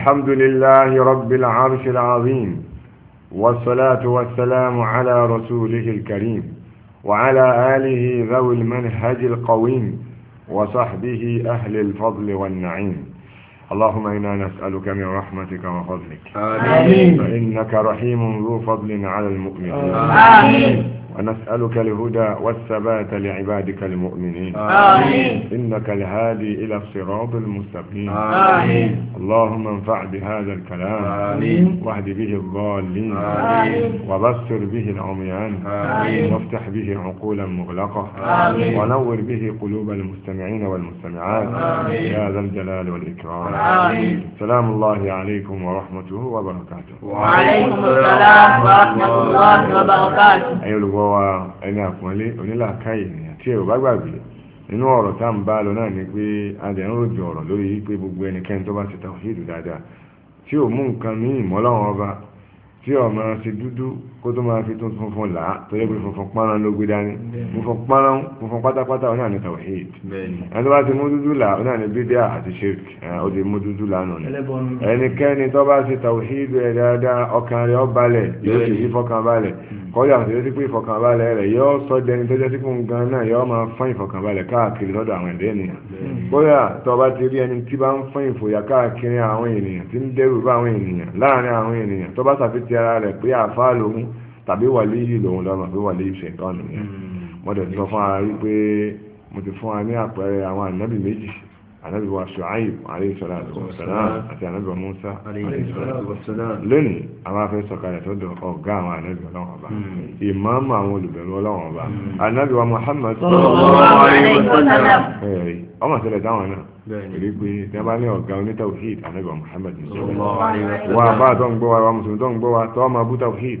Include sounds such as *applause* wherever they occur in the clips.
الحمد لله رب العرش العظيم والصلاة والسلام على رسوله الكريم وعلى آله ذوي المنهج القويم وصحبه أهل الفضل والنعيم اللهم إنا نسألك من رحمتك وفضلك آمين فإنك رحيم ذو فضل على المؤمنين آمين ونسألك الهدى والثبات لعبادك المؤمنين آمين إنك الهادي إلى الصراط المستقيم آمين اللهم انفع بهذا الكلام آمين واهد به الضالين آمين وبصر به العميان آمين وافتح به عقولا مغلقة آمين ونور به قلوب المستمعين والمستمعات آمين يا ذا الجلال والإكرام آمين سلام الله عليكم ورحمته وبركاته وعليكم السلام ورحمة الله وبركاته أيها wa ẹni àpọ́nlé onílàákàyè ènìyàn tí ẹ̀rọ bá gbàgbé inú ọ̀rọ̀ tá à ń bá lọ náà ni pé adẹ̀ ń rojò ọ̀rọ̀ lórí pé gbogbo ẹnikẹ́ni tó bá ti tàwhídù dáadáa tí ò mú nǹkan ní ìmọ́láwọn ọba tí ó máa ṣe dúdú kó tó máa fi tún funfun là á tó yẹ pé funfun pọ́nrán ló gbé dání funfun pọ́nrán funfun pátápátá ọ̀nà ni tàwhídù ẹni tó bá ti mú dúdú là ọ̀nà ni bídíà àti shirk ó ti mú dúdú là nù ẹnikẹ́ni tó bá ṣe tàwhídù ẹ̀ dáadáa ọkàn rẹ̀ ó balẹ̀ yóò sì yí fọkàn balẹ̀ hmm kọ́lá àti ẹ̀sí pé ìfọ̀kànbalẹ̀ rẹ̀ yọ́ sọ dẹni tó jẹ́ sí fún gan náà yọ́ máa fún ìfọ̀kànbalẹ̀ káàkiri lọ́dọ̀ àwọn ẹ̀dẹ́ ènìyàn kọ́lá tó bá ti rí ẹni tí bá ń fún ìfòyà káàkiri àwọn ènìyàn tí ń dẹ́rù bá àwọn ènìyàn láàrin àwọn ènìyàn tó bá ṣàfihàn ara rẹ̀ pé àfa lòun tàbí wàlíyì lòun lọ́mọ pé wàlíyì ṣètọ́ nìyẹn hmm. mo dẹ̀ sọ fún ara rí pé mo ti fún wa ní àpẹẹrẹ àwọn ànábì méjì ànábì wa ṣùáyì àríṣọ́lá àti ànábì wa Musa lónìí a máa fẹ́ sọ̀kalẹ̀ tó dùn ọ̀gá àwọn ànábì ọlọ́wọ̀n ọba hmm. ìmáàmù àwọn olùbẹ̀rù ọlọ́wọ̀n ọba hmm. ànábì wa Muhammad ọmọ ìṣẹ̀lẹ̀ táwọn náà èrí pé tí a bá ní ọ̀gá onítàwíhìd ànábì wa Muhammad wa bá tó ń gbọ́ wa wa mùsùlùmí tó ń gbọ́ wa tó ọmọ abútàwíhìd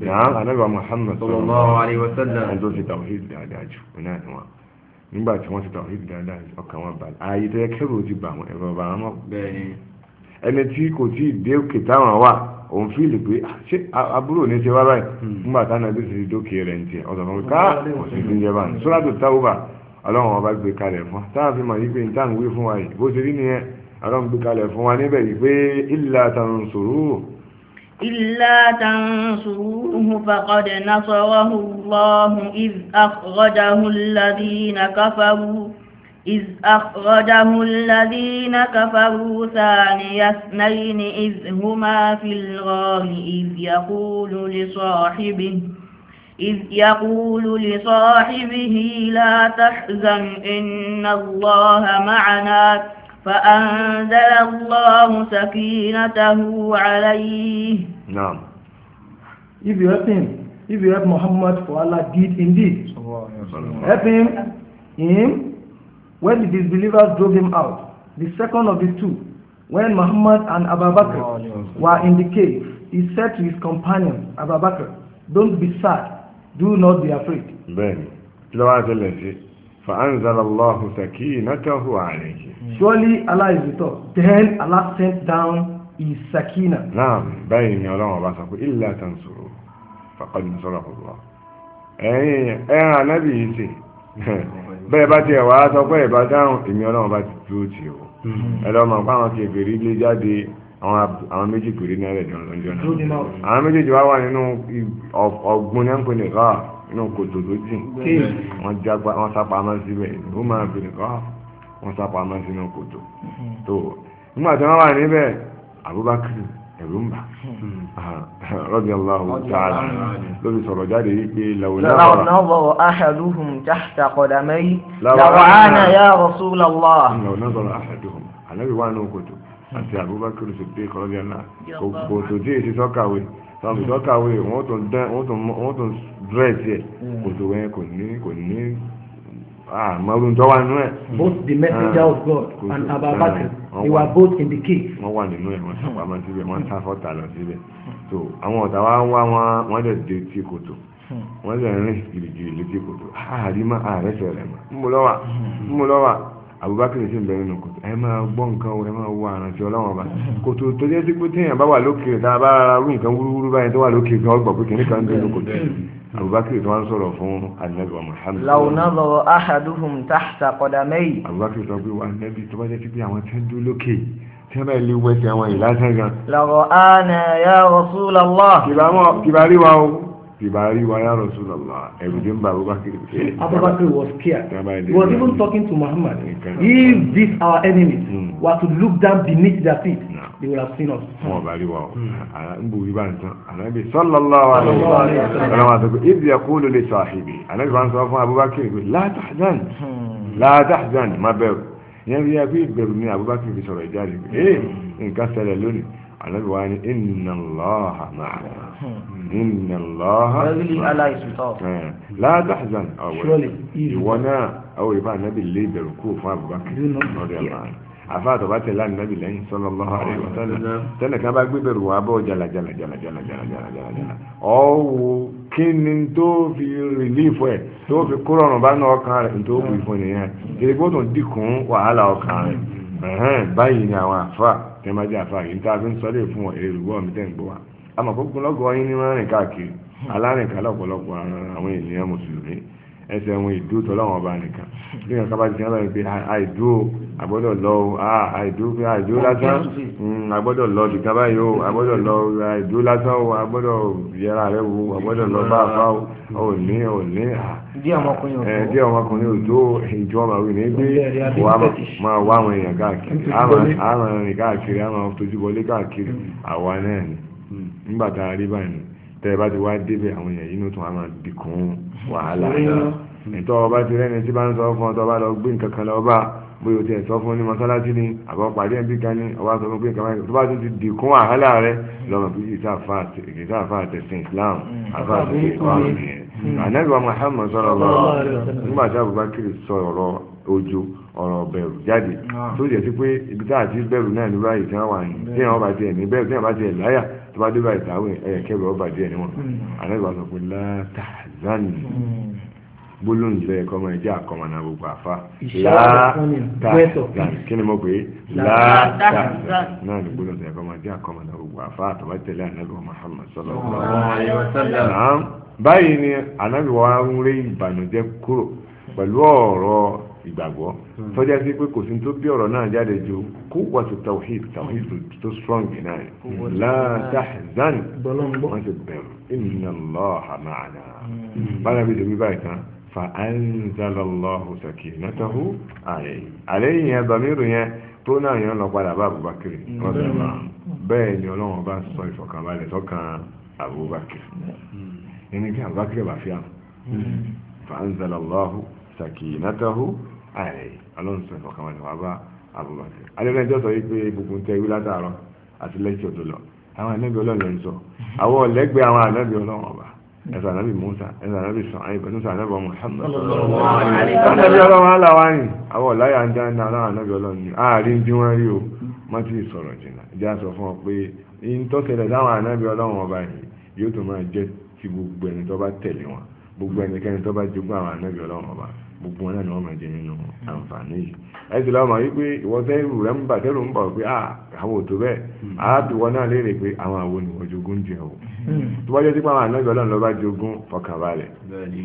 náà anábà Muhammad sallallahu alaihi wasallam ẹni tó ti tawhid dáadáa jù náà ni wọn nígbà tí wọ́n ti tawhid dáadáa ọkàn wọn balẹ̀ ààyè tó yẹ kẹ́rù ti bà wọn ẹ̀rọ bà wọn mọ́ ẹni tí kò tí ì dé òkè táwọn wà òun fíìlì pé ah, ṣé àbúrò ní ṣe wá báyìí hmm. nígbà táwọn ẹbí ti dókè rẹ̀ ń tiẹ̀ ọ̀sán fún mi ká òsì ti ń jẹ báyìí sọ́lá tó táwọ́ bá ọlọ́run ọba gbé kalẹ̀ fún táwọn fi mọ̀ yí pé níta wí fún wa yìí bó ṣe rí nìyẹn ọlọ́run gbé kalẹ̀ fún wa níbẹ̀ yìí pé ìlà tàǹsòrò إلا تنصروه فقد نصره الله إذ أخرجه الذين كفروا إذ أخرجه الذين كفروا ثاني اثنين إذ هما في الغار إذ يقول لصاحبه إذ يقول لصاحبه لا تحزن إن الله معنا فأنزل الله سكينته عليه نعم If you help him, if you help Muhammad for Allah did indeed, help him, him, when the disbelievers drove him out, the second of the two, when Muhammad and Abu Bakr were in the cave, he said to his companion, Abu Bakr, don't be sad, do not be afraid. Bẹ́ẹ̀ni, kí ló wá ṣẹlẹ̀ sí? فأنزل الله سكينته عليه Surely Allah is with us. Then Allah sent down his sakina. نعم بين يلوم بسكو إلا تنصروا فقد نصره الله أي أي نبي yìí sì *laughs* bẹ́ẹ̀ bá tiẹ̀ wá sọ pé ìbá dáhùn èmi ọlọ́run bá ti dúró tì ó hmm. ẹ lọ́ọ́ mọ̀ pé àwọn kèfèrí lé jáde àwọn méjì péré náírà ìjọba lọ́jọ́ náà àwọn méjèèjì wá wà nínú ọ̀gbun náà ń pè ní gáà inú kòtò tó jìn wọ́n jápa wọ́n sápamọ́ síbẹ̀ ó máa fi nìkan ah, wọ́n sápamọ́ sínú kòtò hmm. tó nígbà tí wọ́n wà níbẹ̀ Abubakar ẹ̀rù ń bà rọ́bì aláwọ̀ tààlà lórí sọ̀rọ̀ jáde wípé lọ́wọ́ ahaduhum tahta qadamai lọ́wọ́ ana ya Rasulullah hmm, lọ́wọ́ náà sọ̀rọ̀ ahaduhum anábì wà ní kòtò àti hmm. Abubakar Siddiq rọ́bì aláwọ̀ kòtò tí èsì sọ́kàwé tọ́ fi tọ́kàwé wọ́n tún dírẹ́sì ẹ̀ hmm. kò tó wẹ́ kò ní kò ní àmọ́rún tó wà nínú ẹ̀. both the messenger ah, of God and our Abubakar ah, they were both in the cave. wọ́n wà nínú ẹ̀ wọ́n sàpamọ́ hmm. síbẹ̀ wọ́n sá hmm. fọ́tà lọ síbẹ̀ so àwọn ọ̀tá wa wá wọ́n dẹ̀ dé tí kòtò wọ́n dẹ̀ rìn gìrìgìrì létí kòtò àárí má àárẹ̀ sẹ̀rẹ̀ mọ́ ń mú lọ́wà ń mú lọ́wà. Abubakar sì ń bẹ nínú kòtò ẹ máa gbọ́ nǹkan ẹ máa wọ àrántí ọlọ́wọ́n ọba kòtò tó jẹ́ sí pé téèyàn bá wà lókè tá a bá ara rú nǹkan wúrúwúrú báyìí tó wà lókè gan ọgbà pé kìnnìkan ń bẹ nínú kòtò abubakar tó wá sọ̀rọ̀ fún anabi wa muhammed. launabọ ahaduhum tahta qadamay. abubakar tó gbé wa anabi tó bá jẹ́ ti àwọn tẹ́ ń dúró lókè tí wọ́n bá ilé àwọn ìlàsàn gan. lọ́rọ̀ Ibari Waya Rasulullah. Everything by Abu Bakr was scared. He was even talking to Muhammad. If this our enemies mm. were to look down beneath their feet, they would have seen us. Wọ́n bá rí wa o. Nbù hmm. yìí bá ń tán. Ànábì sallallahu alayhi wa sallam. Ànábì wa sọ pé ibi yaqulu li sahibi. Ànábì wa sọ fún Abubakar pé la tahzan. Hmm. La tahzan má bẹ̀rù. Ìyẹn bí i pé ìbẹ̀rù ni Abubakar fi sọ̀rọ̀ ìjáde. Hmm. Ee eh, nǹkan ṣẹlẹ̀ lónìí. àlẹ́bí wa ni inna Allaha inna Allaha ìwọ náà ọwọ́ ìbá ànábì lé ìbẹ̀rù kú fún Abubakar lọ́dẹ̀ àlọ́hàn àfa àtọ̀bá tẹ̀lé ànábì lẹ́yìn sallallahu alaihi bá gbé bẹ̀rù wà bọ́ jala ọ̀wọ́ kí ni tó fi rìlífù ẹ̀ tó fi kúrò bá ọkàn rẹ̀ tó nìyẹn hmm. dìkún wàhálà ọkàn rẹ̀ hmm. báyìí ni àwọn àfa ẹ má jẹ́ àfáà yìí tá a fi ń sọlé fún ọ èrè rúgbọ́ mi tẹ́ ń gbọ́ wa àmọ́ kókó lọ́gọ́ yín ní máa rìn káàkiri alárìnká lọ́pọ̀lọpọ̀ àwọn ènìyàn mùsùlùmí ẹsẹ̀ wọn ìdúró tọ́lọ́wọ́n nìkan bí nǹkan bá ti sìn ọlọ́run pé àìdúró àgbọ́dọ̀ lọ ah, àìdúró pé àìdúró lásán àgbọ́dọ̀ hmm, lọ bìkan báyìí o àgbọ́dọ̀ lọ àìdúró lásán o àgbọ́dọ̀ yẹra rẹ wo àgbọ́dọ̀ lọ bá àbá o ò ní ò ní à. díẹ̀ ọmọkùnrin òjò ìjọ ọmọ àwọn ènìyàn gbé wà máa àwọn èèyàn káàkiri àwọn ènìyàn káàkiri àwọn tojúbọlé káàkiri àwa náà ni hmm. nígbà tá a rí báyìí tẹ́ ẹ bá ti wá débẹ̀ àwọn èèyàn yìí nù tún á máa wàhálà náà ìtọ́ ọba ti rẹ́ni tí bá ń sọ fún ọtọ́ bá lọ gbé nǹkan kan lọ bá bóyá o ti ẹ̀ sọ fún ní mọ́sálásí ni àbọ̀ pàdé ẹ̀bí kan ní ọba sọ fún pé nǹkan báyìí tó bá tún ti dìkún àhálà rẹ lọ́mọ pé kìí sáfà àtẹ̀sìn Islam mm. àfà àtẹ̀sìn Islam mm. nìyẹn ànábì wa Muhammad sọ̀rọ̀ lọ́wọ́ mm. nígbà tí Abubakar sọ̀rọ̀ ojú ọ̀rọ̀ bẹ̀rù jáde tó jẹ́ sí pé ibi tá àti bẹ̀rù bá dé báyìí táwọn ẹ̀yẹ̀kẹ́ bẹ̀rù ọba díẹ̀ níwọ̀n ànábì wa sọ pé látàzánì gbólóhùn ìlọ ẹ̀kọ́ ọmọ ẹ̀jẹ̀ àkọ́mọ̀ náà gbogbo àfa. láàtà kí ni mo pè é láàtà náà ni gbólóhùn ẹ̀kọ́ ọmọ ẹ̀jẹ̀ àkọ́mọ̀ náà gbogbo àfa àtàwọn tẹ̀lé ànábì Muhammad sallallahu alaihi báyìí ni ànábì wa ń rí ìbànújẹ́ kúrò pẹ̀lú ọ̀rọ̀ ìgbàgbọ́ hmm. tọ́jà sí pé kò sí tó bí ọ̀rọ̀ náà jáde ju kó wà sí tawhid tawhid tó strong náà la tahzan wọ́n ti bẹ̀rù inna Allaha ma'ana bá nàbí tẹ̀wé báyìí tán fa'anzalallahu sakinatahu alayhi alayhi yẹn dọ̀míru yẹn tó náà yẹn lọ padà bá Abubakar bẹ́ẹ̀ ni ọlọ́run bá sọ ìfọ̀kànbalẹ̀ sọ́kàn Abubakar hmm. ẹni bí Abubakar bá fi hàn fa'anzalallahu sakinatahu alayhi ọlọ́run sọ ìfọ̀kànbalẹ̀ wà bá Abubakar alẹ́lẹ́jọ́ sọ wípé gbogbo ń tẹ́ wí látàárọ̀ àti lẹ́kì ọ̀dọ́ lọ àwọn ànábì ọlọ́run lọ ń *laughs* ẹ̀sà nábì Musa ẹ̀sà nábì Shu'aib ẹ̀sà nábì Muhammad ọ̀nàbí ọlọ́run aláwáyìn àwọn ọ̀láyà ń dáná aláwọ̀ nábì ọlọ́run ni ààrin bí wọ́n rí o má ti sọ̀rọ̀ jìnnà ìjà sọ fún ọ pé in tó tẹ̀lẹ̀ sáwọn ànábì ọlọ́run ọba yìí yóò tó máa jẹ́ ti gbogbo ẹni tó bá tẹ̀lé wọn gbogbo ẹnikẹ́ni tó bá jogún àwọn ànábì ọlọ́run ọba gbogbo wọn náà ni wọ́n máa jẹ nínú àǹfààní yìí ẹsẹ̀ lọ́mọ wípé ìwọ tẹ́rù rẹ̀ Hmm. tó bá jẹ́ sí pé àwọn ànájọ́ ọlọ́run lọ́ba jogún fọkànbalẹ̀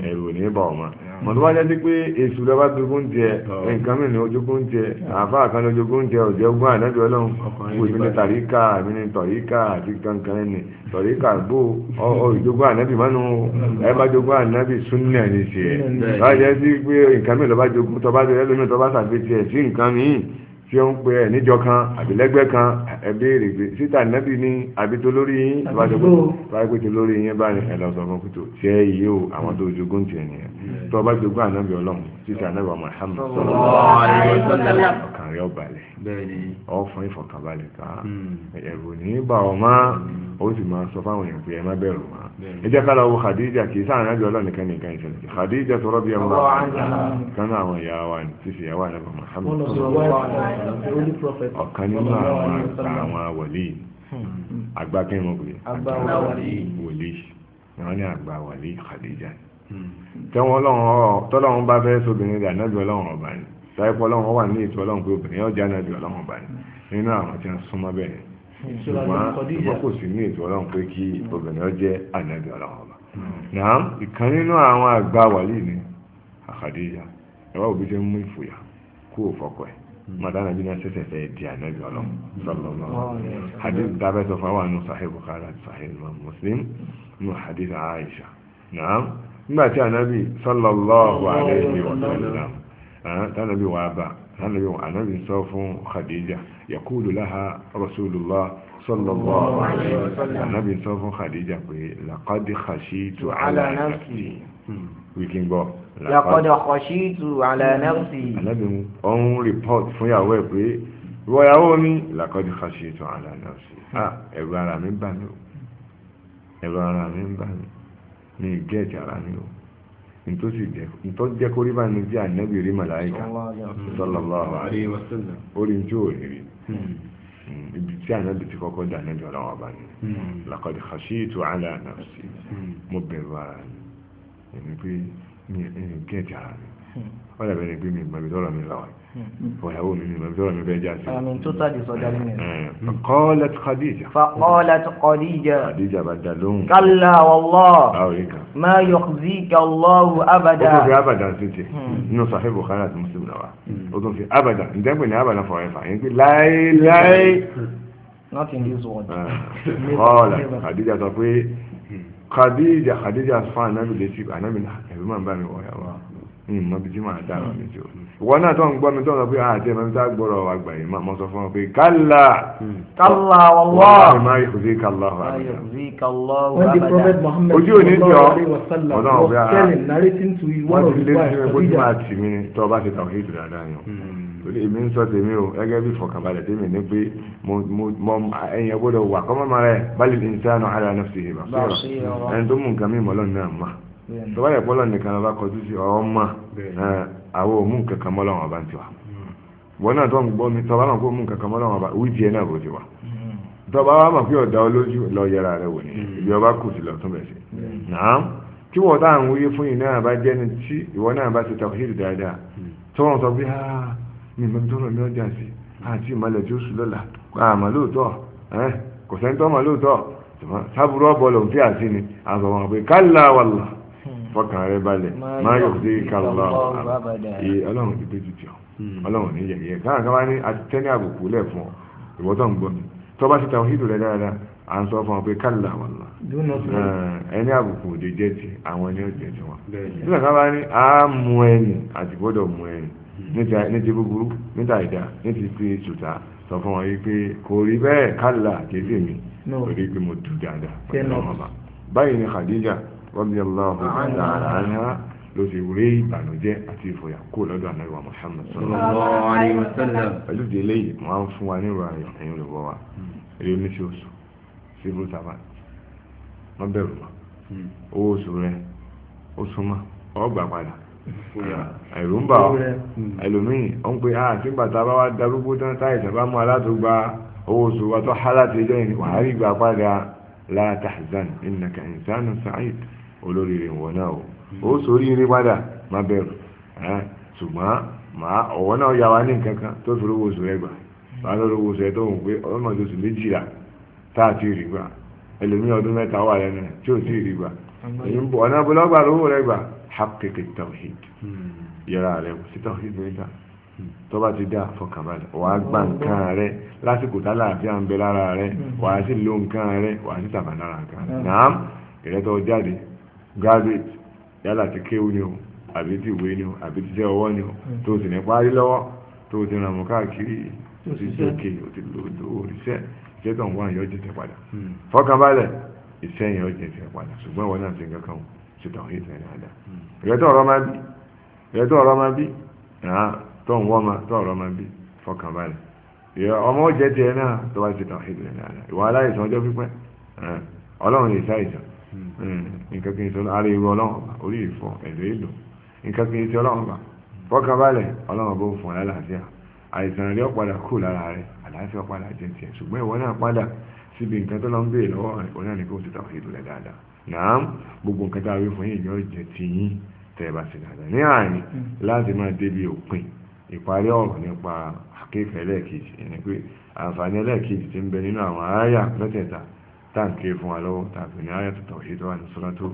ẹ̀rù ní bọ̀ ọ̀mọ́ mọ̀ tó bá jẹ́ sí pé jogun lọ́ba jogún jẹ nǹkan mìíràn ojogún jẹ àáfàá kan lójogún jẹ ọ̀jẹ̀ ogún ànájọ́ ọlọ́run ni, mí ní tàríkà mí ní tọ̀ríkà àti kankan ẹni tọ̀ríkà gbó ọ̀jogún ànábì mánu ẹ bá jogún ànábì súnnà ní tiẹ̀ bá jẹ́ sí pé nǹkan mìíràn lọ́ba jogún tọ́ba jẹ́ lómi tọ́ba sàgbé tiẹ̀ sí nǹkan mìíràn tí ó ń pe ẹ níjọ kan àbí lẹ́gbẹ́ kan ẹ béèrè pé síta nẹ́bí ni àbí tó lórí yín báyìí tó lórí yín báyìí ẹ lọ sọ fún kùtù tí ẹ yìí o àwọn tó jogún tiẹ̀ nìyẹn tó o gbogbo ànábì ọlọ́run síta nẹ́bí ọmọ Muhammad sọ̀rọ̀ ọkàn rẹ̀ ọ̀balẹ̀ ọ̀fun ìfọ̀kànbalẹ̀ ká hmm. ẹ̀rù ní bá ọ má ó sì máa sọ fáwọn èèyàn pé ẹ má bẹ̀rù má ẹ jẹ́ ká lọ wo Khadija kì í sáà nábì ọlọ́run nìkan nìkan ìṣẹ̀lẹ̀ Khadija sọ̀rọ̀ bí ẹ mọ́ kan náà àwọn ìyá wa ní sísè ìyá wa nẹ́bí ọmọ Muhammad ọ̀kan nínú àwọn àgbà àwọn wòlíì hmm. àgbà kí ni mo pè é àgbà wòlíì wọn ní àgbà wòlíì Khadija hmm. tẹ́wọ́n tọ́lọ́run bá fẹ́ sóbìnrin rẹ̀ ànábì ọlọ́run ọba ni sáyẹ́pọ̀ ọlọ́run wà ní ètò ọlọ́run pé obìnrin ọjà ànábì ọlọ́run ọba ni nínú àwọn tí wọ́n súnmọ́ bẹ́ẹ̀ hmm. ṣùgbọ́n kò sí ní ètò ọlọ́run pé kí obìnrin ọjẹ́ ànábì ọlọ́run ọba náà ìkan nínú àwọn àgbà wàlíì ni Khadija ẹ̀wá òbí ṣe ń mú ìfòyà kó o fọkọ ẹ̀ madana bi na sẹsẹ fẹ di anabi ọlọm sọlọlọ hadith dábẹ sọ fún àwọn sahih bukhari àti sahih imam muslim nù hadith aisha naam nígbà tí anabi sọlọlọ alayhi wa sallam tanabi wa ba tanabi wa anabi sọ fún khadija yakulu laha rasulullah sọlọlọ alayhi wa sallam anabi sọ fún khadija pé laqad khashitu ala nafsi wíkín hmm. gbọ́. yàkọ̀dọ̀ kọ̀ṣí tu àlànàfsì. ànábì ọ̀hún rìpọ́t fún ìyàwó ẹ̀ pé ìwọ ìyàwó mi làkọ́dí kọ̀ṣí tu àlànàfsì. ẹ̀rù ara mi bà mí o ẹ̀rù ara mi bà mí mi gẹ́ẹ̀tì ara mi o nítorí jẹ́ kó rí bá ní bí ànábì rí màláìka sallallahu alaihi wasallam orí tí ò rí rí hmm. ibi tí ànábì ti kọ́kọ́ dà níbi ọ̀làwọ̀ bá ní làkọ́dí kọ̀ṣí tu àlànàfsì mo bẹ̀rù ara mi èmi pé mi kí ẹ̀tì ara mi wọ́n hmm. dàbẹ̀ ni pé mi ìmọ̀ ibi tọ́rọ̀ mi lọ́wọ́ hmm. ìyàwó mi mi ìmọ̀ ibi tọ́rọ̀ mi bẹ́ẹ̀ já sí. àmì tó tàbí sọjá ní ẹ̀. kọ́lẹ̀tì Khadija. kọ́lẹ̀tì Khadija. Khadija bá da lóhùn. kálá wàllọ́. báwo yìí kan. má yọkùzí kàlọ́hù abada. ó tún fi abada sí ti nínú hmm. sàfẹ́ Bukhari àti Muslim náà wa ó tún fi abada ǹdẹ́gbẹ̀ ní abada forever yẹn pé láéláé. not in this world. kọ́lẹ̀ eh, Khadija sọ pé Khadija Khadija fa anabi létí anabi ẹ̀rù máa ń bá mi wọ̀ yàrá ní ìmọ̀ bíi tí màá dára mi tí o. ìwọ náà tó ń gbọ́ mi tó ń sọ pé àti ẹ̀mọ́ mi tá gbọ́rọ̀ àgbà yìí máa sọ fún ọ pé kálá. kálá wàllọ́. wọ́n máa yẹ kùsí kálá wà. wọ́n prophet Muhammad ojú òní jọ ọlọ́run bí a wọ́n ti lé sí mi kó tí máa tì mí tọ́ bá ti tàwọn ètò dáadáa èmi ń sọ tèmi o gẹ́gẹ́ bí fọkànbalẹ̀ tèmi ní pé mo ẹ̀yìn gbọ́dọ̀ wà kọ́mọ́ máa rẹ̀ bali insanu ala nafsihi basira ẹni tó mú nǹkan mímọ́ ọlọ́run náà mà tó bá yẹ pé ọlọ́run nìkan bá kọjú sí ọ̀rọ̀ mà àwọn òmù nǹkan kan mọ́ ọlọ́run ọba ń tiwa wọn náà tó ń gbọ́ mi tọ́ bá mọ̀ pé òmù nǹkan kan mọ́ ọlọ́run ọba wí tiẹ̀ náà kò ti wà mm. tọ́ bá wà mọ̀ pé ọ̀dà olójú lọ yẹra rẹ̀ wò ní mm. ibi ọba kù sí lọ tún bẹ̀ sí tí wọ́n táà ń wúyé fún yìí náà bá jẹ́ni tí ìwọ náà bá ti tàwíìrì dáadáa mm. tó wọ́n sọ pé ah, mi mọ́ tọ́rọ̀ ní ọjà sí àti ìmọ̀lẹ̀ tí ó sùn lọ́la àmọ́ lóòótọ́ kò sẹ́ńtọ́ mọ́ lóòótọ́ sábúrú ọ̀bọ lòun fi àti ni àbọ̀wọ̀n pé kálá wàlà hmm. fọkàn rẹ balẹ̀ máa yọ̀ sí kálá ọlọ́run ti dójú tì ọ́ ọlọ́run ní yẹ̀yẹ́ káàkiri wá ní atẹ́ní àbùkù lẹ̀ fún ọ ìwọ́tọ̀ ń gbọ́ mi tọ́ba ti tàwọn hídùú rẹ dáadáa à ń sọ fún ọ pé kálá wàlà ẹni àbùkù òde jẹ́ ti àwọn ẹni ọ̀jẹ̀ tiwọn. nígbà ká bá ní àá ẹni àti gbọ́dọ̀ mú ẹni ní ti búburú níta ìdá ní ti fi ṣùtá sọ fún wọn wípé kò rí bẹ́ẹ̀ kálà kéde mi kò rí pé mo dùn dáadáa pẹ̀lú ọmọ bá báyìí ni Khadija radiyallahu anha ló ti rí ìbànújẹ́ àti ìfòyà kó lọ́dọ̀ ànáwà Muhammad sallallahu alaihi wasallam pẹ̀lú délé yìí wọ́n á fún wa nírò ayọ̀ ẹ̀yìn olùbọ̀ wa eré oníṣẹ́ oṣù civil servant wọ́n bẹ̀rù mọ́ hmm. owó oṣù rẹ̀ oṣù mọ́ ọgbà padà ẹ̀rù ń bà ọ́ hmm. ẹlòmíì ó ń pe ah, àti a bá wá darúgbó tán táìsàn bá mú alátùgbà owó oṣù wa tó há láti ẹjọ́ yìí wàá rí padà la tahzan innaka insanun sa'id olórí rẹ̀ náà o hmm. ó sórí rí padà má bẹ̀rù ṣùgbọ́n màá ọ̀wọ́ náà yà wá ní nǹkan kan tó fi owó oṣù rẹ̀ gbà hmm. bá lórí owó oṣù rẹ̀ tó ń oṣù méjìlá tá a ti rí gbà ẹlòmíì ọdún mẹ́ta حقق التوحيد يرى عليه التوحيد نيكا tó bá ti dá fọkànbalẹ̀ wà á gba nǹkan rẹ lásìkò tálàáfíà ń bẹ lára rẹ hmm. wà á sì lo nǹkan rẹ wà á sì tàbá lára nǹkan rẹ hmm. naam ìrẹtọ jáde graduate yálà ti kéwú ni o àbí ti ìwé ni o àbí ti jẹ ọwọ́ ni o hmm. tó sì ní parí lọ́wọ́ tó sì ràn mọ́ káàkiri tó sì jókè ó ti lo òrìṣẹ́ ìṣẹ́ tó ń wá yọ jẹjẹ padà fọkànbalẹ̀ ìṣẹ́ yẹn ó jẹjẹ padà ṣùgbọ́n ìwọ náà ti ń kankan o ṣe tọ̀hìn ìfẹ́ dáadáa ìrẹ́tọ̀ ọ̀rọ̀ máa bí ìrẹ́tọ̀ ọ̀rọ̀ máa bí tó ń wọ́ ma tó ọ̀rọ̀ máa bí fọkàn balẹ̀ ìrẹ́ ọmọ jẹ́ tiẹ̀ náà tó bá ṣe tọ̀hìn ìfẹ́ dáadáa ìwà aláìsàn ọjọ́ pípẹ́ ọlọ́run lè ṣàìsàn nǹkan kì í sọ ara ìwé ọlọ́run orí ìfọ ẹ̀dọ́ èlò nǹkan kì í sọ ọlọ́run bá fọkàn balẹ̀ ọlọ́run bó fún ọ lálàáfíà àìsàn rẹ padà kú lára rẹ àlàáfíà padà jẹ tiẹ̀ ṣùgbọ́n ìwọ náà padà síbi nǹkan tó lọ ń béèrè lọ́wọ́ rẹ òun náà ní kó o ti tàwọn ètò rẹ dáadáa náà gbogbo nǹkan tá a wí fún yìí yóò jẹ ti yín tẹ́ ẹ bá ṣe dáadáa ní àárín mm. láti máa débi òpin ìparí ọ̀rọ̀ nípa àkéfẹ́ ẹlẹ́ẹ̀kejì ẹni pé àǹfààní ẹlẹ́ẹ̀kejì ti ń bẹ nínú àwọn aráyà mẹ́tẹ̀ẹ̀ta táǹkì fún wa lọ́wọ́ tàbí ní aráyà tó tọ̀wé tó wà ní sọ́lọ́tò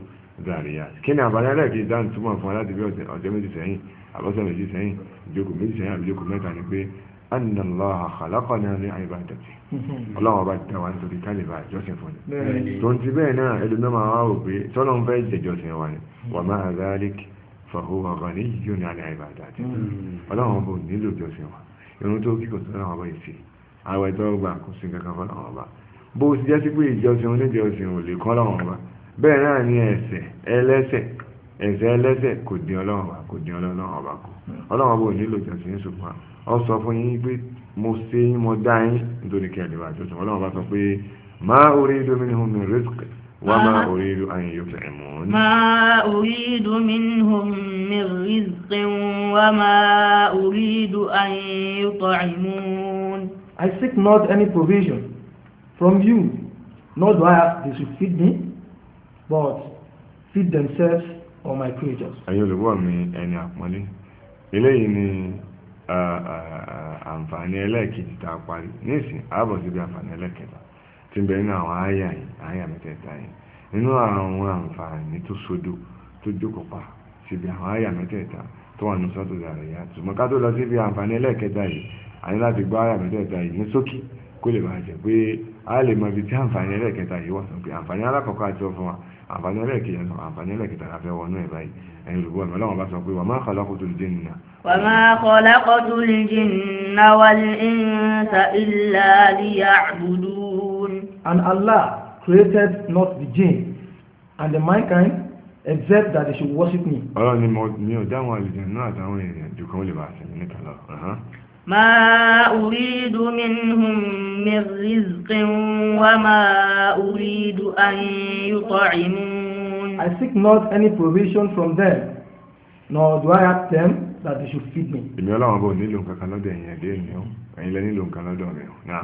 zàríyà kí ni àǹfààní ẹlẹ́ẹ̀kejì dáhùn túmọ̀ fún wa láti bí ọ̀sẹ̀ méjì sẹ́yìn àbọ̀sẹ̀ méjì sẹ́yìn ìjókòó méjì sẹ́yìn àbí ìjókòó mẹ́ta ni pé anna allah khalaqana li ibadati *laughs* ọlọ́run ọba dá wa nítorí ká lè bá ìjọsìn fún ni tó ń ti bẹ́ẹ̀ náà ẹlòmíràn máa wá òbí tọ́lọ́run fẹ́ jẹjọsìn wa ni hmm. wa ma'a dhalika fa huwa ghaniyyun 'an ibadati hmm. ọlọ́run ọba ò nílò ìjọsìn wa irun tó kíkọ̀ tó ọlọ́run ọba ìsì àwọn ẹ̀tọ́ ọgbà kò sí kankan fún ọlọ́run ọba bó ti jẹ́ sí pé ìjọsìn oníjọsìn ò lè kọ́ ọlọ́run ọba bẹ́ẹ̀ náà ni ẹ̀ṣẹ̀ ẹlẹ́ṣẹ̀ ẹ̀ṣẹ̀ ẹlẹ́ṣẹ̀ kò dín ọlọ́run ọba kò dín ọlọ́run ọba kù hmm. ọlọ́run ọba ò nílò ìjọsìn ṣùgbọ́n ọ sọ fún yín pé mo ṣe yín mo dá yín nítorí kẹlẹ̀ wà tó sọ ọlọ́run bá sọ pé ma uridu minhum min rizq wa ma uridu an yut'imun. ma uridu minhum min rizq wa ma uridu an yut'imun. I seek not any provision from you nor do I ask they should feed me but feed themselves or my creatures. ẹ̀yin olùgbọ́ mi ẹni àpọ́nlé eléyìí ni. àǹfààní ẹlẹ́ẹ̀kejì ta a n'isi nísìn ààbọ̀ síbi àǹfààní ẹlẹ́ẹ̀kẹta tí bẹ nínú àwọn àyà yìí àyà mẹ́tẹ̀ẹ̀ta yìí nínú àwọn àǹfààní tó sodo tó jókòó pa síbi àwọn àyà mẹ́tẹ̀ẹ̀ta tó wà ní sọ́tò Zariyat ṣùgbọ́n ká tó lọ síbi àǹfààní ẹlẹ́ẹ̀kẹta yìí a láti gbọ́ àyà mẹ́tẹ̀ẹ̀ta yìí ní ṣókí kó lè bàa a lè mọ ibi tí àǹfààní ẹlẹ́ẹ̀kẹta àǹfààní ẹlẹ́ẹ̀kejì ẹ̀sùn àǹfààní ẹlẹ́ẹ̀kejì tàbí wọnú ẹ̀ báyìí ẹ̀yìn olùgbọ́ mi ọlọ́run bá sọ pé wà máa kọ́ lọ́kọ́ lè jẹ́ nìyà. wà máa kọ́ lọ́kọ́ lè jẹ́ nìyà wà ìyẹnsa ìlà àlìyà àbùdùn. And Allah created not the jinn and the mankind except that they should worship me. ọlọ́run ni mo ní ọjà náà àtàwọn èèyàn jù ó lè bá àṣẹ mi níkàlọ́. ما أريد منهم من رزق وما أريد أن يطعمون I seek not any provision from them nor do I ask them that they should feed me. Èmi ọlọ́run bò nílò nǹkan lọ́dọ̀ ẹ̀yin ẹ̀dẹ́ ènìyàn ẹ̀yin lẹ nílò nǹkan lọ́dọ̀ rẹ̀ náà.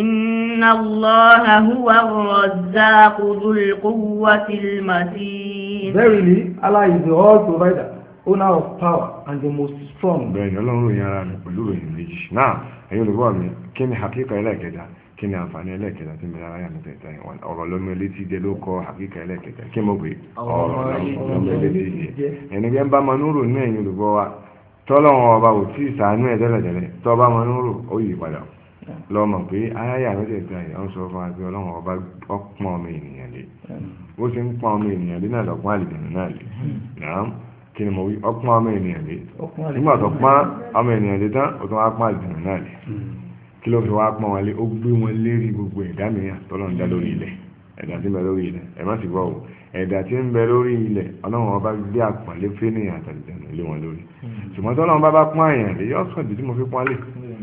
إن الله هو الرزاق ذو القوة المتين. Verily, Allah is the all provider owner of power and the most strong. bẹ́ẹ̀ni Ọlọ́run ròyìn ara rẹ̀ pẹ̀lú ròyìn méjì náà ẹ̀yin olùkọ́ mi kí ni hakika ẹlẹ́ẹ̀kẹta kí ni àǹfààní ẹlẹ́ẹ̀kẹta tí mi lára yà mí tẹ̀tẹ̀ yìí wọn ọ̀rọ̀ lọ́mọ elétí jẹ́ ló kọ́ hakika ẹlẹ́ẹ̀kẹta kí mo gbé ọ̀rọ̀ lọ́mọ elétí jẹ́ ẹni pé ń bá manúrò náà ẹ̀yin olùkọ́ wa tọ́lọ́run ọba ò tí ì sàánú ẹ̀ tẹ́lẹ̀tẹ́lẹ̀ tọ́ bá manúrò ó yí padà lọ́mọ pé ayáyà ló tẹ̀ tẹ̀ ọ̀ sọ fún wa pé ọlọ́run ọba ọpọ́n ọmọ ènìyàn lé bó hmm. ti ń pọ́n ọmọ ènìyàn lé náà lọ́pọ́n àlìjẹ̀nù náà lé hmm kí ni mo wí ọpọ́n ọmọ ènìyàn lé nígbà tó pọ́n ọmọ ènìyàn lé tán ó tún wá pọ́n àjùmọ̀ náà lé hmm. kí ló fi wá pọ́n wọn lé ó gbé wọn lérí gbogbo ẹ̀dá mìíràn tọ́lọ́ ń dá lórí ilẹ̀ ẹ̀dá tí ń bẹ lórí ilẹ̀ ẹ̀ má sì gbọ́ o ẹ̀dá tí ń bẹ lórí ilẹ̀ ọlọ́run ọba gbé àpọ̀nlé fẹ́nìyàn àtàlìjẹ̀nù lé wọn lórí hmm. ṣùgbọ́n tọ́lọ́run bá bá pọ́n àyàn lé yọ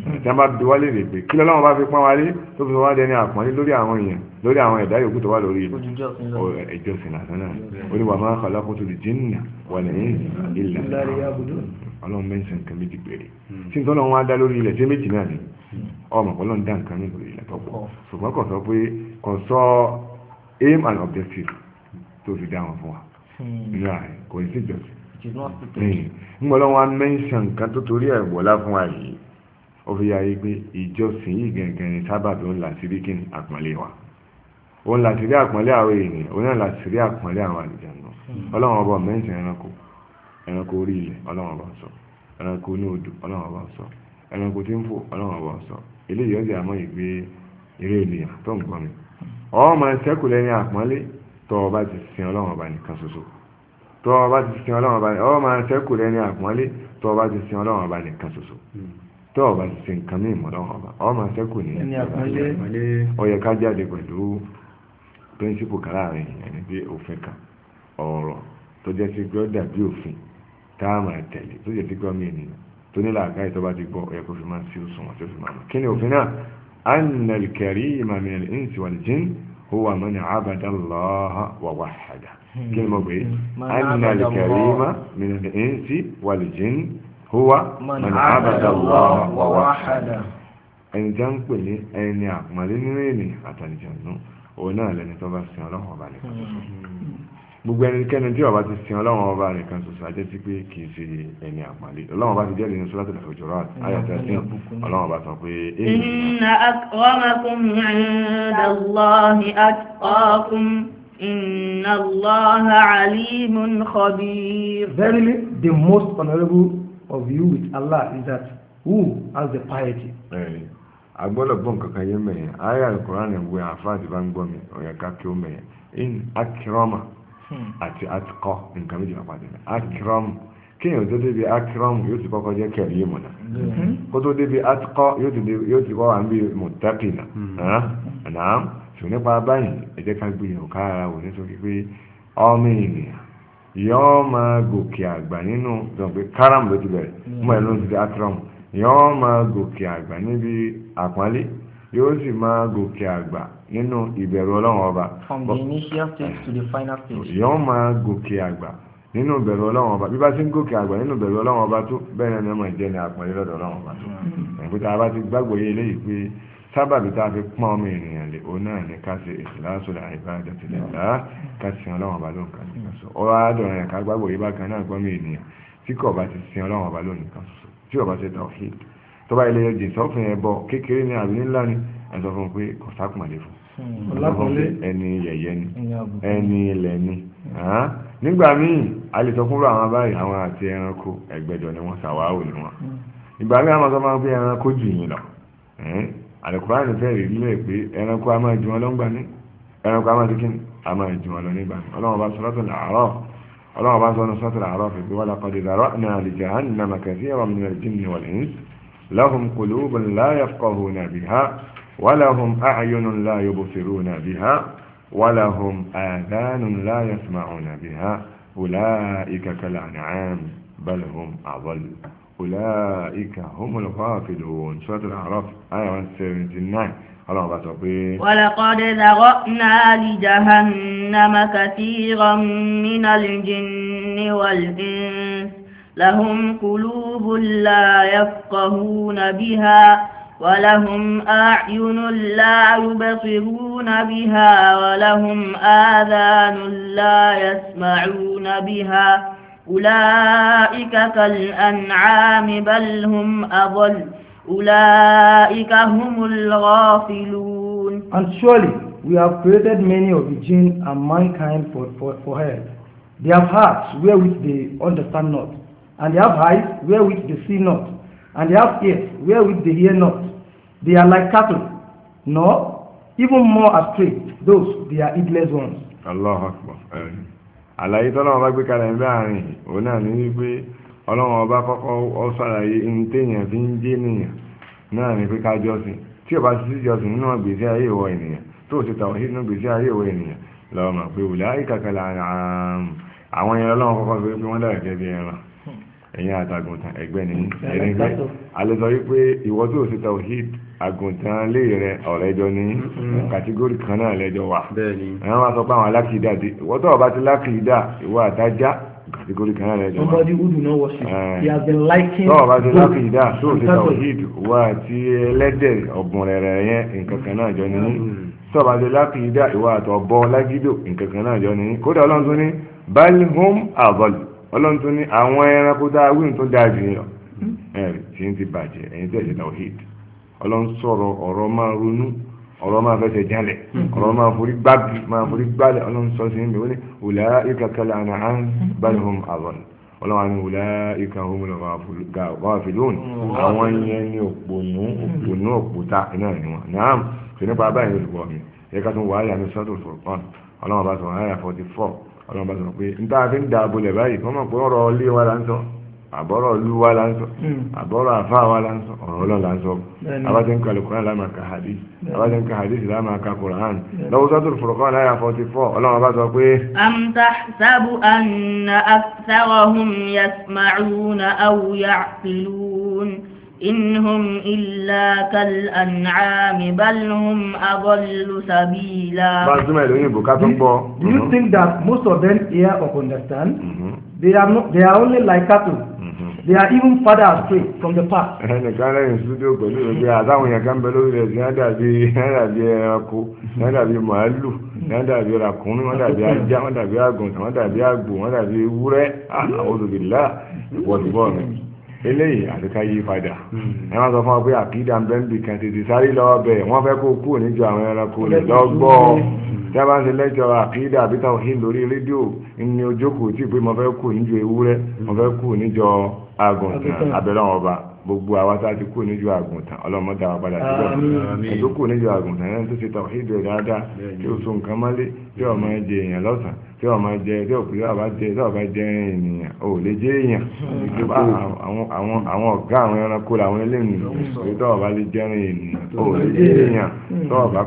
tí a bá bí wálé rè pé kí lọ́lọ́wọ́ bá fi pọ́n wálé tó fi wá dẹni àpọ́nlé lórí àwọn èèyàn lórí àwọn ẹ̀dá yòókù tó wà lórí ìjọsìn lásán náà olùwà máa kọ̀ lákòótó lè jìnnà wà lẹ́yìn ìlà ọlọ́run mẹ́sàn kan méjì péré tí n tọ́lọ́run wá dá lórí ilẹ̀ tí méjì náà ni ọmọ ọlọ́run dá nǹkan ní lórí ilẹ̀ tọ́pọ̀ ṣùgbọ́n kò sọ pé kò sọ aim and objective tó fi dá wọn fún wa nínú hmm. ààrẹ kò ní sí ìjọsìn. Hmm. ǹgbọ́n ọlọ́run wá mẹ́sàn kan tó torí ẹ̀ wọ́lá fún wa yìí ó fi yáyé pé ìjọsìn yìí gẹ̀gẹ̀ ni sábàbí òun láti rí kíni àpọ́nlé wa òun láti rí àpọ́nlé àwọn èèyàn òun náà láti rí àpọ́nlé àwọn àlùjànnú ọlọ́run ọba mẹ́ǹtì ẹranko ẹranko orí ilẹ̀ ọlọ́run ọba sọ ẹranko ní odò ọlọ́run ọba sọ ẹranko tí ń fò ọlọ́run ọba sọ eléyìí ọjà àmọ́ ìgbé eré ènìyàn tó ń gbọ́ mi ọ́ máa ṣẹ́kù lẹ́yìn àpọ́nlé tọ́ ọba ti sin ọlọ́run ọba nìkan ṣoṣo ti sin ọlọ́run ọba nìkan ṣoṣo tó ọba ti ṣe nǹkan ní ọba ọmọ sẹ́kù ní ọyẹ ká jáde pẹ̀lú píríncípù kan láàrin bí òfin kan ọ̀rọ̀ tó jẹ́ sí pé ó dàbí òfin tó jẹ́ sí pé ọmọ ènìyàn tó ní làákà ti gbọ́ ọyẹ kó fi máa tó fi máa mọ̀ kí ni òfin náà annal abada huwa man abada Allah wa wahada ẹni tí a ń pè ní ẹni àpọ̀lé nínú ènìyàn àtàlìjànú òun náà lẹni tó bá sin ọlọ́run ọba nìkan ṣoṣo gbogbo ẹnikẹ́ni tí ọba ti sin ọlọ́run ọba nìkan ṣoṣo ajẹ́ sí pé kì í ṣe ẹni àpọ̀lé ọlọ́run ọba ti jẹ́ nínú Suratul Hujurat ayọ̀tẹ̀ sí ọlọ́run ọba sọ pé. inna akramakum inda Allahi atqakum inna Allaha alimun khabir. verily the most honourable of you with Allah is that who has the piety. Eh, agbọ́dọ̀ gbọ́ nǹkan kan yé mẹ́yẹn ayé alukoran ìwé àfáàtì bá ń gbọ́ mi ọ̀yẹ́ ká kí ó mẹ́yẹn in akirọ́mà hmm. àti atikọ́ nǹkan méjì máa pàdé akirọ́mà kéèyàn tó débi akirọ́mù yóò ti kọ́kọ́ jẹ́ kẹ̀rí ìmọ̀nà hmm. kó tó débi atikọ́ yóò ti kọ́ àmì mọ̀tẹ́pìnà náà ṣùgbọ́n nípa báyìí ẹ ká gbìyànjú ká wò ní pé ọmọ ènìyàn yọ́ọ́ máa gòkè àgbà nínú ìjọba karam ló ti bẹ̀rẹ̀ mú ẹ̀ ló ń ti atram yọ́ọ́ máa gòkè àgbà níbi àpọ́nlé yóò sì máa gòkè àgbà nínú ìbẹ̀rù ọlọ́run ọba. from the initial stage to the final stage. yọ́ọ́ máa gòkè àgbà nínú ìbẹ̀rù ọlọ́run ọba bí bá ti ń gòkè àgbà nínú ìbẹ̀rù ọlọ́run ọba tó bẹ́ẹ̀ ni ọmọ ìjẹni àpọ́nlé lọ́dọ̀ ọlọ́run ọba tó. Hmm. ẹ̀kúta sábàbí tá a fi pọ́n ọmọ ènìyàn lè o náà ní ká ṣe ìsìláṣọ àìbájọ́tì lẹ́la ká sí ọlọ́run ọba lóun kan nìkan sọ ọ̀rọ̀ àádọ́rin ẹ̀ka gbàgbọ́ yìí bá kan náà gbọ́mọ ènìyàn tí kò bá ti sin ọlọ́run ọba lóun nìkan sọ tí ọba ti tàn hìd tó bá ilé ẹjẹ sọfún ẹbọ kékeré ní àbí ńlá ni ẹ sọ fún un pé kò sápọnlé fún ẹni yẹ̀yẹ́ ni ẹni ilẹ̀ ni nígbà àlùkùránì fẹ́ rí nílẹ̀ pé ẹranko a máa jù wọn lọ́ngbà ní ẹranko a máa ti kíni a máa jù wọn lọ nígbà ní ọlọ́wọ́n bá sọ́tọ̀ làárọ̀ ọlọ́wọ́n bá sọ́tọ̀ sọ́tọ̀ làárọ̀ fi pé wọ́n la kọ́dé dàrọ́ ní àlìjà hàn ní màkàtí ẹ̀rọ mi rẹ̀ jìn ní wọ̀lẹ̀ ń lahum qulubun la yafqahuna biha wa lahum a'yunun la yubsiruna biha wa lahum adhanun la yasma'una biha ulaika kal an'am bal أولئك هم الغافلون سورة الأعراف آية 179 الله بقى تقول ولقد ذرأنا لجهنم كثيرا من الجن والإنس لهم قلوب لا يفقهون بها ولهم أعين لا يبصرون بها ولهم آذان لا يسمعون بها أولئك كالأنعام بل هم أضل أولئك هم الغافلون And surely we have created many of the jinn and mankind for, for, for hell. They have hearts wherewith they understand not, and they have eyes wherewith they see not, and they have ears wherewith they hear not. They are like cattle, no, even more astray, those they are heedless ones. Allah Akbar. Amen. àlàyé tọ́lọ́wọ́n bá gbé kalẹ̀ ń bẹ́ àárín òun náà ní wípé ọlọ́wọ́n ọba kọ́kọ́ ọ sàlàyé ń téèyàn fi ń jẹ́ nìyàn náà ní pé ká jọ́sìn tí o bá ti sí jọ́sìn nínú ìgbésí ayé ìwọ ènìyàn tó ti tàwọn sí nínú ìgbésí ayé ìwọ ènìyàn lọ́wọ́ pé wùlẹ̀ àwọn kọ́kọ́ sọ pé wọ́n bí ẹran ẹ̀yin àtàgùntàn ẹgbẹ́ ni ẹ̀rẹ́gbẹ́ alẹ́sọ wípé ìwọ tó ṣe tawhid àgùntàn lè rẹ ọ̀rẹ́jọ ní kàtígórì kan náà lẹ́jọ wà ẹ̀rọ wa sọ pé àwọn alákìídà dé ìwọ tó ọba ti lákìídà ìwọ àtájá kàtígórì kan náà lẹ́jọ wà. somebody who do not worship he has been liking. tó ọba ti lákìídà tó ṣe tawhid wà ti ẹlẹ́dẹ̀ ọ̀gbùn rẹ̀ rẹ̀ yẹn nǹkan kan náà jọ nínú mm-hmm. tó ọba ti lákìídà ìwọ àtọ̀ bọ́ lágídò nǹkan kan náà jọ nínú kódà ọlọ́run tún ní home abọ́lù ọlọ́run tún ní àwọn ẹranko tá a wí tó dáa jù yín lọ ẹ̀rì tí ń ti bàjẹ́ ẹ̀yin tẹ̀ ṣe tawhid ọlọ́run sọ̀rọ̀ ọ̀rọ̀ máa ronú ọ̀rọ̀ máa fẹsẹ̀ jalẹ̀ ọ̀rọ̀ máa forí gbági máa forí gbálẹ̀ ọlọ́run sọ sí mi ó ní ulaika kal'an'am bal hum adall ọlọ́run ní ulaika humul ghafilun àwọn yẹn ní òpònú òpònú òpòta iná ni ọlọ́run bá sọ pé n tá a fi ń da abolẹ̀ báyìí kọ́ mọ̀ pé ọ̀rọ̀ ilé wa la ń sọ àbọ̀rọ̀ ìlú wa la ń sọ hmm. àbọ̀rọ̀ àfa wa la ń sọ ọ̀rọ̀ ọlọ́run la ń sọ abájá ń ka Al-Qur'an láàmà ka hadith abájá ń ka hadith láàmà ka Qur'an lọ́wọ́ Suratul Furqan láyà 44 ọlọ́run bá sọ pé. am tahsabu anna aktharahum yasma'una aw ya'qilun. إن هم إلا كالأنعام بل هم أضل سبيلا Do you mhm. think that most of them here of understand? Mm -hmm. They are not, they are only like cattle. Mm -hmm. They are even further astray from the path. Ẹnìkan lẹ́yìn studio pẹ̀lú ìròyìn àtàwọn èèyàn kan bẹ lórí rẹ̀ náà dàbí ẹranko, náà dàbí màálù, náà dàbí ràkúnrin, wọ́n dàbí ajá, wọ́n dàbí àgùntàn, wọ́n dàbí àgbò, wọ́n dàbí ewúrẹ́, àwọn olùdílà, ìwọ̀dìbọ̀ rẹ̀ eléyìí àdúkà yí padà hmm. ẹ máa sọ fún wa pé àkídà ń bẹ ń bì kan tètè sáré lọ́wọ́ bẹ̀ wọ́n fẹ́ kó kú níjọ àwọn ẹranko rẹ̀ lọ́gbọ́ hmm. tí a bá ń ṣe lẹ́jọ́ àkídà àbí tawhid lórí rédíò ní ojókòó tí pé mo fẹ́ kú níjọ ewúrẹ́ mo hmm. fẹ́ kú níjọ àgùntàn abẹ́rẹ́ wọn ọba gbogbo àwa tá a ti kú níjọ àgùntàn ọlọ́mọdé àwọn padà síbẹ̀ ẹ̀tọ́ kú níjọ àgùntàn yẹn tó ṣe tọ̀ ìdè dáadáa tí o so nǹkan mọ́lé tí o máa jẹ èèyàn lọ́sàn tí o máa jẹ tí o kù tí o bá jẹ tí o bá jẹ ènìyàn o lè jẹ èèyàn àwọn ọ̀gá àwọn ẹranko làwọn eléyìí èyí tó o bá lè jẹrin ènìyàn o lè jẹ èèyàn tó ọba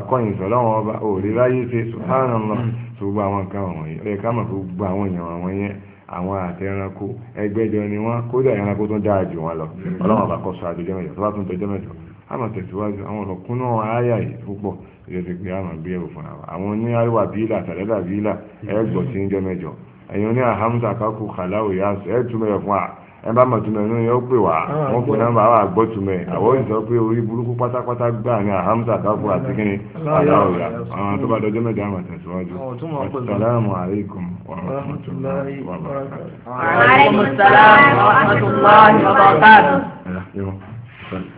àwọn àti ẹranko ẹgbẹ́jọ ni wọ́n kódà ẹranko tó dáa jù wọn lọ ọlọ́run ọba kọ́ sọ àjọjọ́ mẹ́jọ tó bá tún tọjọ́ mẹ́jọ a máa tẹ̀síwájú àwọn ọ̀rọ̀ kúnná àáyà yìí púpọ̀ ìjọ ti pé a máa bí ẹ̀rù fúnra wa àwọn ní àríwá bíílà tàlẹ́dà bíílà ẹ̀gbọ̀ sí ń jọ mẹ́jọ ẹ̀yìn ní àhámsà kákù kàláwò yá ẹ̀ tún mẹ́jọ fún wa ẹ bá mọ̀ túmọ̀ inú yẹn ó pè wá ah, wọ́n pè náà bàbá àgbọ̀ túmọ̀ ẹ̀ àwọn ìsọ pé orí burúkú pátápátá gbà ní àhámsà káfù àti kíni aláwòrán àwọn tó bá dọjọ́ mẹ́jọ àmọ̀ tẹ̀síwájú. asalaamu aleykum wa